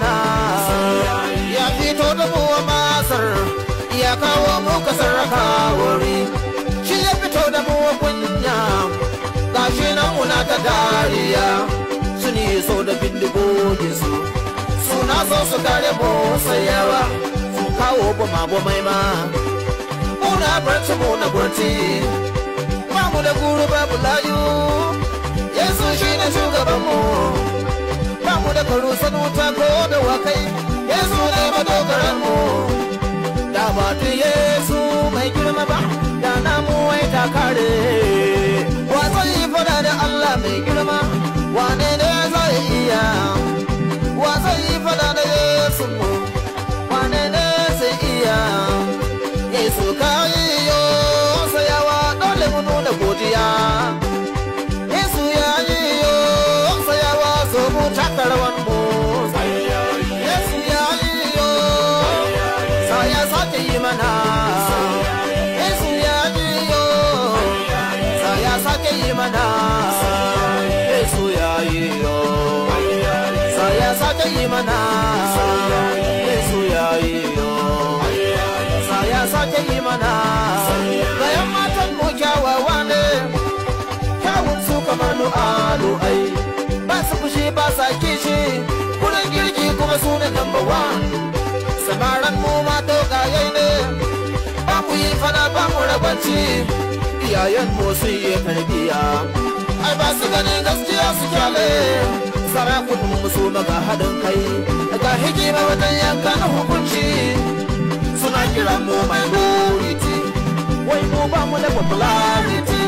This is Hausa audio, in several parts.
mana ya fito da mu masar ya kawo mu kasar kawari shi ya fito da mu kunya gashi nan muna ta dariya su ne so da bindigo su suna so su kare mu sayawa su kawo bama bamai ma muna barci muna burci ba mu da guru babu layu mai girma ba da namu wai ta mana Yesu ya yi sake yi mana bayan matan mu kyawawa ne kyawun su kamar nu'alu ai ba su fushi ba sa kishi kurin girki kuma su ne number one samaran mu ma dogaye ne ba mu yi fana ba mu rabanci iyayen mu sun yi karbiya ai ba su ganin gaskiya su kyale sarakun musu ga haɗin kai ga hikima wajen yanka na hukunci suna kira mu minority wai mu ba mu da popularity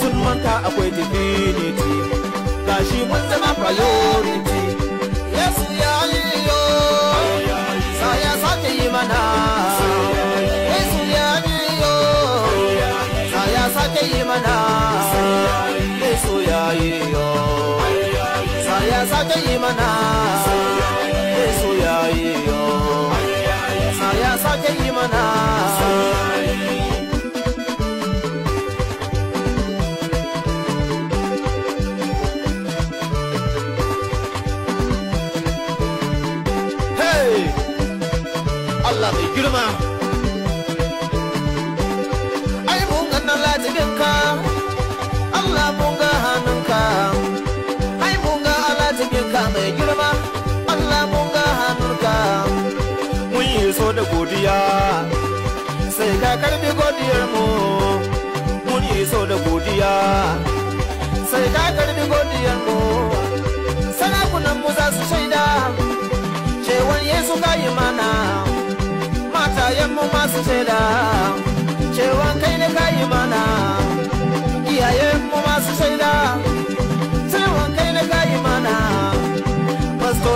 sun manta akwai divinity gashi mun zama priority girma ai mun ganin lati mai girma Allah mun ga hannunka mun yi so da godiya sai ka karbi godiyar mu mun yi so da godiya sai ka karbi godiyar mu sarakunan mu za su shaida cewan Yesu ka yi mana matayen mu masu shaida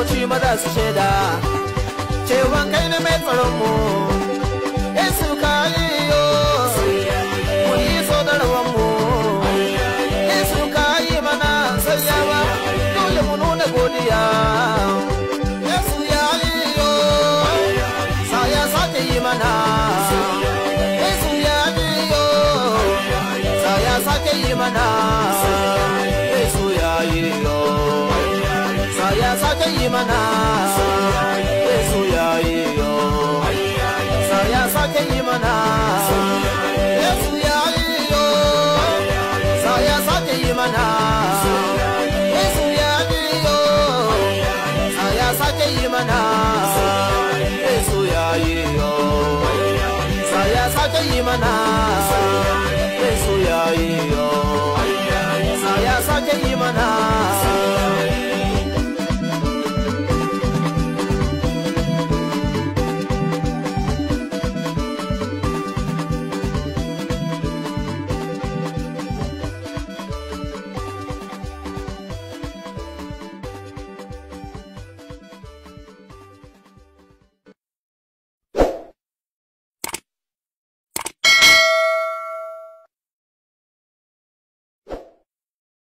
bauchi maza su shaida cewa kai ne mai tsaron mu ta Yesu ya yi yo sake yi Yesu ya yi yo sake yi Yesu ya yi yo sake yi Yesu ya yi yo sake yi